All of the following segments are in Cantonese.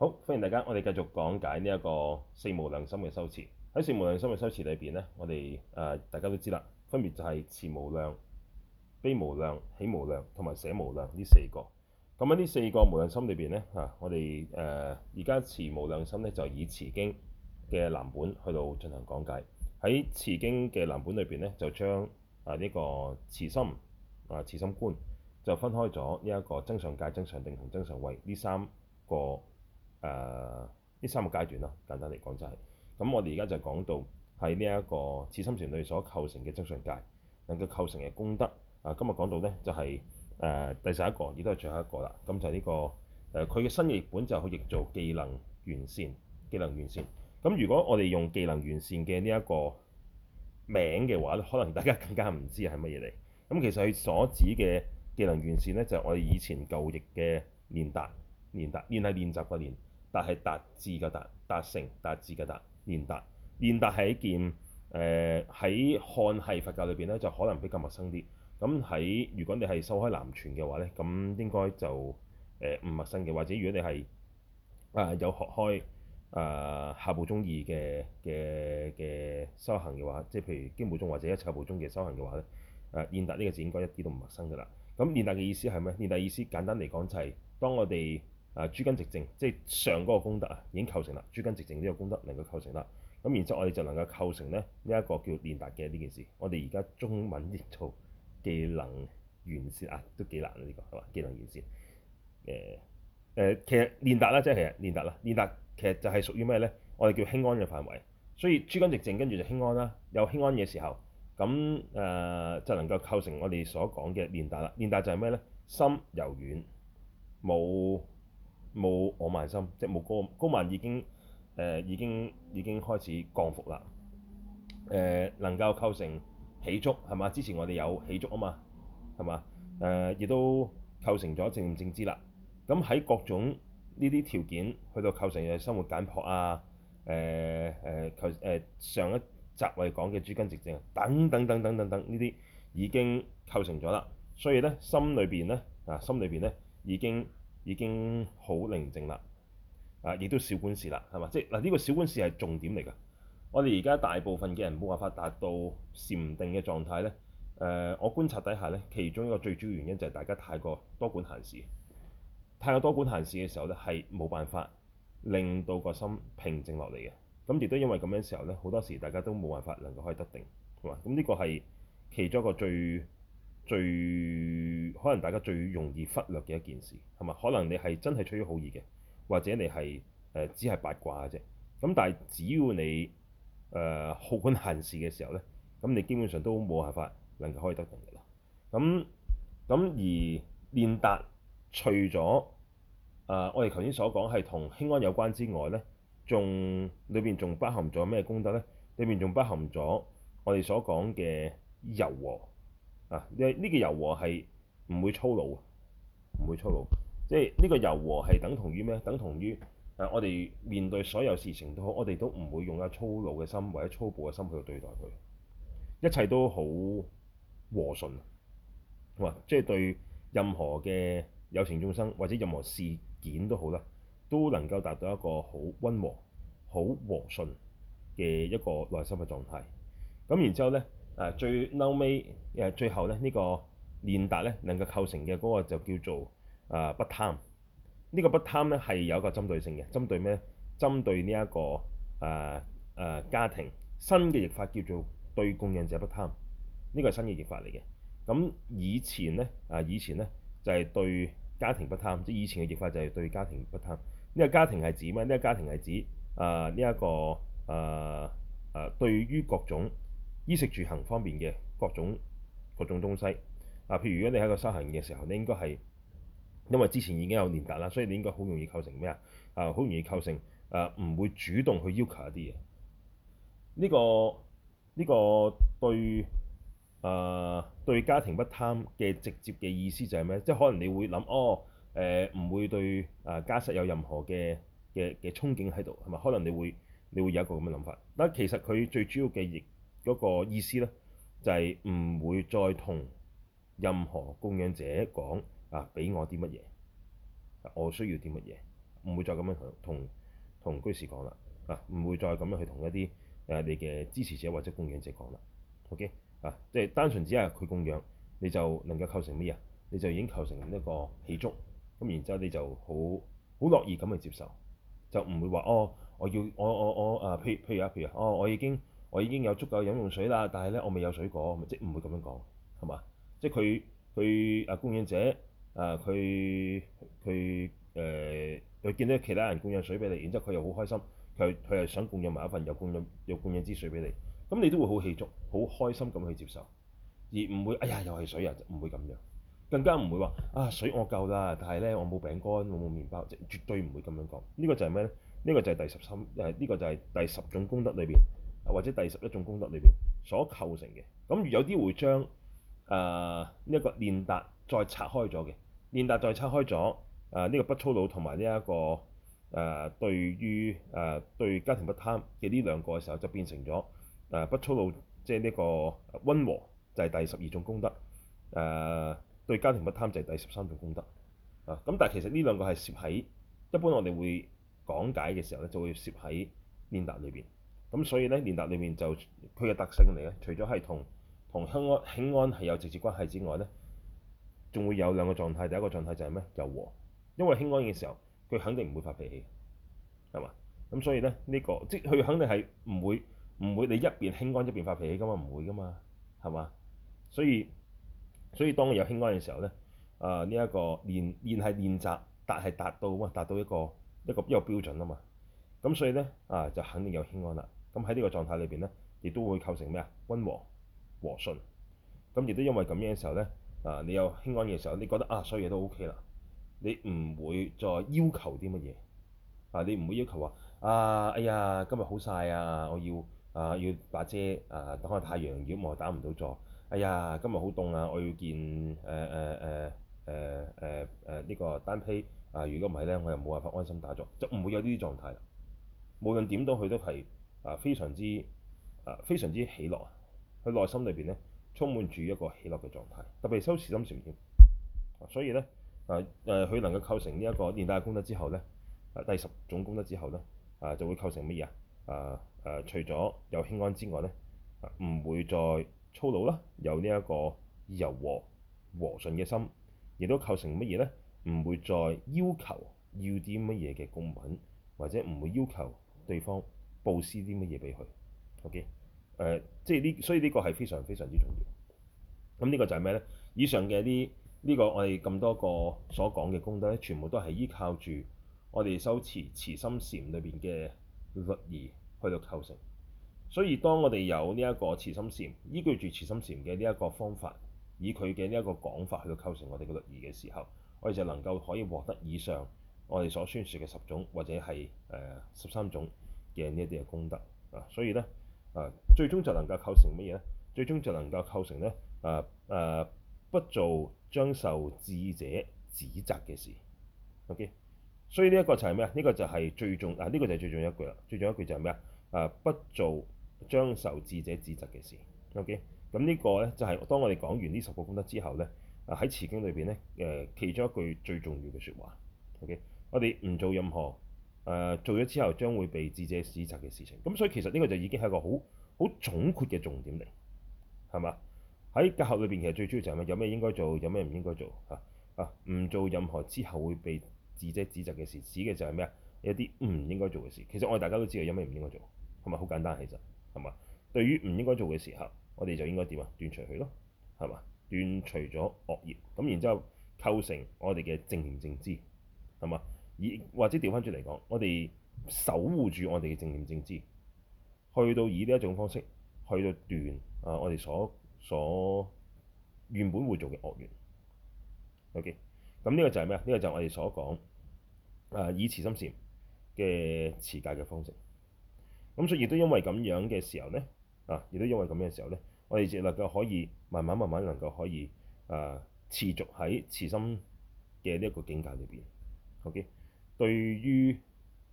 好，歡迎大家。我哋繼續講解呢一個四無量心嘅修持。喺四無量心嘅修持裏邊呢，我哋誒、呃、大家都知啦，分別就係慈無量、悲無量、喜無量同埋捨無量呢四個。咁喺呢四個無量心裏邊呢，嚇、啊，我哋誒而家慈無量心呢，就以《慈經》嘅藍本去到進行講解。喺《慈經》嘅藍本裏邊呢，就將啊呢、呃這個慈心啊、呃、慈心觀就分開咗呢一個增上戒、增上定同增上慧呢三個。誒呢、呃、三個階段咯，簡單嚟講就係、是、咁、嗯。我哋而家就講到喺呢一個刺心層裡所構成嘅積善界，能夠構成嘅功德。啊，今日講到呢，就係、是、誒、呃、第十一個，亦都係最後一個啦。咁就呢、這個誒佢嘅新譯本就係譯做技能完善，技能完善。咁如果我哋用技能完善嘅呢一個名嘅話可能大家更加唔知係乜嘢嚟。咁其實佢所指嘅技能完善呢，就係我哋以前舊譯嘅練達、練達練係練習嘅練。但係達至嘅達，達，達成達至嘅達，念達念達係一件誒喺、呃、漢系佛教裏邊咧就可能比較陌生啲。咁喺如果你係修開南傳嘅話咧，咁應該就誒唔、呃、陌生嘅。或者如果你係啊、呃、有學開啊、呃、下部宗義嘅嘅嘅修行嘅話，即係譬如經部宗或者一切下部宗義嘅修行嘅話咧，誒、啊、念達呢個字應該一啲都唔陌生嘅啦。咁念達嘅意思係咩？念達意思簡單嚟講就係、是、當我哋。啊！諸根直正，即係上嗰個功德啊，已經構成啦。諸根直正呢個功德能夠構成啦。咁然之後，我哋就能夠構成咧呢一個叫練達嘅呢件事。我哋而家中文譯做，技能完善啊，都幾難啊！呢、這個係嘛？技能完善誒誒、呃呃，其實練達啦，即係其實練達啦。練達其實就係屬於咩咧？我哋叫輕安嘅範圍，所以諸根直正跟住就輕安啦。有輕安嘅時候，咁誒、呃、就能夠構成我哋所講嘅練達啦。練達就係咩咧？心柔軟冇。冇我慢心，即係冇高高慢，已經誒、呃，已經已經開始降伏啦。誒、呃、能夠構成起足，係嘛？之前我哋有起足啊嘛，係嘛？誒、呃、亦都構成咗正正知啦。咁喺各種呢啲條件去到構成嘅生活簡樸啊，誒誒構誒上一集為講嘅諸根直正等等等等等等呢啲已經構成咗啦。所以咧，心裏邊咧啊，心裏邊咧已經。已經好寧靜啦，啊，亦都少管事啦，係嘛？即係嗱，呢、啊這個少管事係重點嚟㗎。我哋而家大部分嘅人冇辦法達到禪定嘅狀態呢。誒、呃，我觀察底下呢，其中一個最主要原因就係大家太過多管閒事。太過多管閒事嘅時候呢，係冇辦法令到個心平靜落嚟嘅。咁、嗯、亦都因為咁樣時候呢，好多時大家都冇辦法能夠可以得定，係嘛？咁、嗯、呢、這個係其中一個最。最可能大家最容易忽略嘅一件事係嘛？可能你係真係出於好意嘅，或者你係誒、呃、只係八卦嘅啫。咁但係只要你誒、呃、好管閒事嘅時候呢，咁你基本上都冇辦法能夠開得動嘅啦。咁、嗯、咁、嗯、而練達除咗誒、呃、我哋頭先所講係同興安有關之外呢，仲裏邊仲包含咗咩功德呢？裏邊仲包含咗我哋所講嘅柔和。啊！呢、這、呢個柔和係唔會粗魯，唔會粗魯。即係呢個柔和係等同於咩？等同於誒、啊，我哋面對所有事情都好，我哋都唔會用一粗魯嘅心或者粗暴嘅心去對待佢。一切都好和順，哇、啊！即係對任何嘅有情眾生或者任何事件都好啦，都能夠達到一個好溫和、好和順嘅一個內心嘅狀態。咁然之後呢？誒最嬲尾，誒最後咧，呢個練達咧，能夠構成嘅嗰個就叫做誒不貪。呢、這個不貪咧係有一個針對性嘅，針對咩？針對呢、這、一個誒誒、呃呃、家庭新嘅譯法叫做對供養者不貪。呢個係新嘅譯法嚟嘅。咁以前咧誒、呃、以前咧就係、是、對家庭不貪，即以前嘅譯法就係對家庭不貪。呢、這個家庭係指咩？呢、這個家庭係指誒呢一個誒誒、呃呃、對於各種。衣食住行方面嘅各種各種東西啊，譬如如果你喺一個修行嘅時候，你應該係因為之前已經有廉潔啦，所以你應該好容易構成咩啊？啊，好容易構成啊，唔會主動去要求一啲嘢。呢、這個呢、這個對啊對家庭不貪嘅直接嘅意思就係咩？即係可能你會諗哦，誒、呃、唔會對啊家室有任何嘅嘅嘅憧憬喺度係咪？可能你會你會有一個咁嘅諗法。但其實佢最主要嘅亦～嗰個意思咧，就係、是、唔會再同任何供養者講啊，俾我啲乜嘢，我需要啲乜嘢，唔會再咁樣同同居士講啦，啊，唔會再咁樣去同一啲誒、啊、你嘅支持者或者供養者講啦，OK，啊，即係單純只係佢供養，你就能夠構成咩啊？你就已經構成呢個喜足，咁然之後你就好好樂意咁去接受，就唔會話哦，我要我我我啊，譬如譬如啊譬，譬如，哦，我已經。我已經有足夠飲用水啦，但係咧，我未有水果，就是，即唔會咁樣講係嘛？即佢佢啊，供養者啊，佢佢誒，佢、呃、見到其他人供養水俾你，然之後佢又好開心，佢佢又想供養埋一份，又供養又供養支水俾你，咁你都會好喜足、好開心咁去接受，而唔會哎呀，又係水啊，唔會咁樣，更加唔會話啊，水我夠啦，但係咧我冇餅乾，我冇麵包，即絕對唔會咁樣講。呢、這個就係咩咧？呢、這個就係第十三誒，呢、這個就係第十種功德裏邊或者第十一種功德裏邊所構成嘅，咁有啲會將呢一個練達再拆開咗嘅，練達再拆開咗，誒、呃、呢、這個不粗魯同埋呢一個誒、呃、對於誒、呃、對家庭不貪嘅呢兩個嘅時候，就變成咗誒、呃、不粗魯，即係呢個溫和，就係、是、第十二種功德；誒、呃、對家庭不貪，就係第十三種功德。啊，咁但係其實呢兩個係攝喺一般我哋會講解嘅時候咧，就會攝喺練達裏邊。咁所以咧，練達裏面就佢嘅特性嚟嘅，除咗係同同輕安輕安係有直接關係之外咧，仲會有兩個狀態。第一個狀態就係咩？柔和，因為輕安嘅時候，佢肯定唔會發脾氣，係嘛？咁所以咧，呢、這個即係佢肯定係唔會唔會你一邊輕安一邊發脾氣噶嘛，唔會噶嘛，係嘛？所以所以當你有輕安嘅時候咧，啊呢一個練練係練習，達係達到嘛，達到一個一個一個,一個標準啊嘛。咁所以咧啊，就肯定有輕安啦。咁喺呢個狀態裏邊咧，亦都會構成咩啊？溫和和順。咁亦都因為咁樣嘅時候咧，啊，你有輕安嘅時候，你覺得啊，所有嘢都 OK 啦，你唔會再要求啲乜嘢啊？你唔會要求話啊，哎呀，今日好曬啊，我要啊，要把遮啊，等下太陽如果我打唔到座。哎呀，今日好凍啊，我要件誒誒誒誒誒誒呢個單胚。啊。如果唔係咧，我又冇辦法安心打坐，就唔會有呢啲狀態。無論點都佢都係。啊，非常之啊，非常之喜樂。佢內心裏邊咧，充滿住一個喜樂嘅狀態，特別係羞恥心上、啊、所以咧，誒、啊、誒，佢、啊、能夠構成呢一個現代嘅功德之後咧、啊，第十種功德之後咧，啊就會構成乜嘢啊？誒、啊，除咗有輕安之外咧，唔、啊、會再粗魯啦，有呢一個柔和和順嘅心，亦都構成乜嘢咧？唔會再要求要啲乜嘢嘅供品，或者唔會要求對方。布施啲乜嘢俾佢，OK？誒，即係呢，所以呢個係非常非常之重要。咁呢個就係咩呢？以上嘅啲呢個我哋咁多個所講嘅功德呢，全部都係依靠住我哋修持慈心禪裏邊嘅律儀去到構成。所以當我哋有呢一個慈心禪，依據住慈心禪嘅呢一個方法，以佢嘅呢一個講法去到構成我哋嘅律儀嘅時候，我哋就能夠可以獲得以上我哋所宣説嘅十種，或者係誒十三種。嘅呢一啲嘅功德啊，所以咧啊，最終就能夠構成乜嘢咧？最終就能夠構成咧啊啊，不做將受智者指責嘅事。OK，所以呢一個就係咩啊？呢個就係最重啊，呢個就係最重要一句啦。最重要一句就係咩啊？啊，不做將受智者指責嘅事。OK，咁呢個咧就係當我哋講完呢十個功德之後咧，啊喺《慈經》裏邊咧誒其中一句最重要嘅説話。OK，我哋唔做任何。誒做咗之後將會被智者指責嘅事情，咁所以其實呢個就已經係一個好好總括嘅重點嚟，係嘛？喺教學裏邊其實最主要就係咩？有咩應該做，有咩唔應該做，嚇啊！唔、啊、做任何之後會被智者指責嘅事，指嘅就係咩啊？一啲唔應該做嘅事。其實我哋大家都知道有咩唔應該做，係咪好簡單？其實係嘛？對於唔應該做嘅時候，我哋就應該點啊？斷除佢咯，係嘛？斷除咗惡業，咁然之後構成我哋嘅正念正知，係嘛？以或者掉返轉嚟講，我哋守護住我哋嘅正念正知，去到以呢一種方式去到斷啊，我哋所所原本會做嘅惡緣。OK，咁呢個就係咩啊？呢個就係我哋所講啊，以慈心禪嘅持戒嘅方式。咁所以亦都因為咁樣嘅時候咧，啊，亦都因為咁樣嘅時候咧，我哋就能夠可以慢慢慢慢能夠可以啊，持續喺慈心嘅呢一個境界裏邊。OK。對於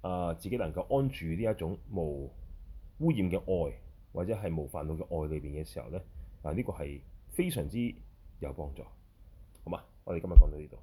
啊、呃、自己能夠安住呢一種無污染嘅愛，或者係無煩惱嘅愛裏邊嘅時候咧，嗱、呃、呢、這個係非常之有幫助。好嘛，我哋今日講到呢度。